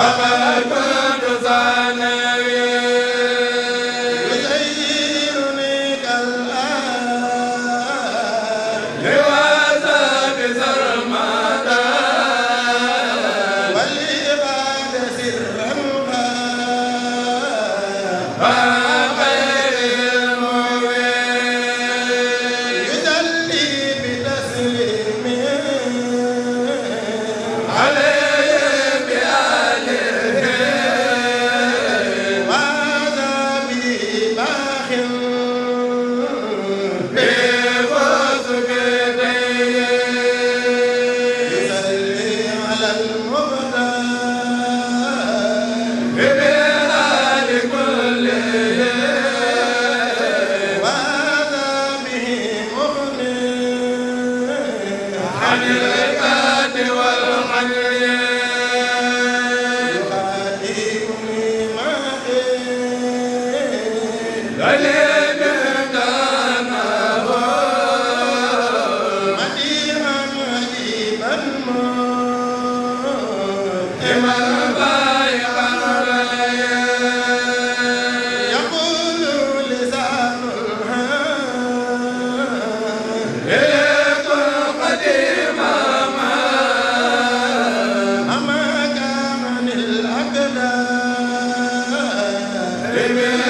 ba Amen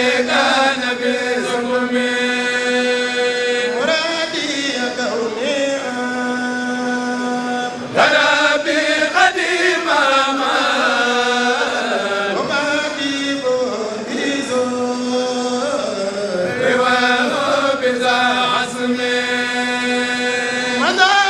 ana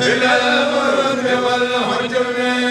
إلى المرد والحجم